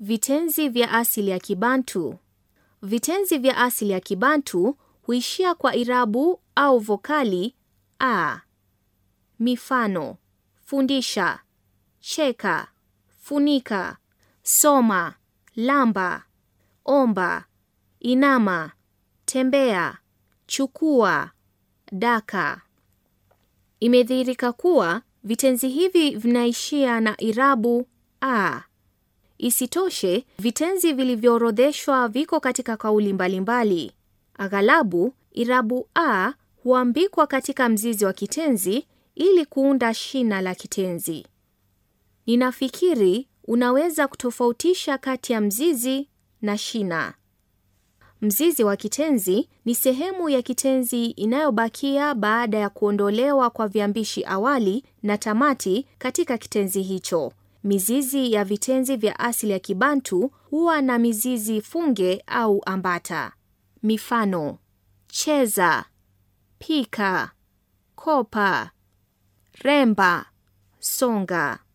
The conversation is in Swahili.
Vitenzi vya asili ya Kibantu. Vitenzi vya asili ya Kibantu huishia kwa irabu au vokali a. Mifano: fundisha, cheka, funika, soma, lamba, omba, inama, tembea, chukua, daka. Imedhihirika kuwa vitenzi hivi vinaishia na irabu a. Isitoshe, vitenzi vilivyoorodheshwa viko katika kauli mbalimbali. Aghalabu irabu a huambikwa katika mzizi wa kitenzi ili kuunda shina la kitenzi. Ninafikiri unaweza kutofautisha kati ya mzizi na shina. Mzizi wa kitenzi ni sehemu ya kitenzi inayobakia baada ya kuondolewa kwa viambishi awali na tamati katika kitenzi hicho. Mizizi ya vitenzi vya asili ya Kibantu huwa na mizizi funge au ambata. Mifano: cheza, pika, kopa, remba, songa.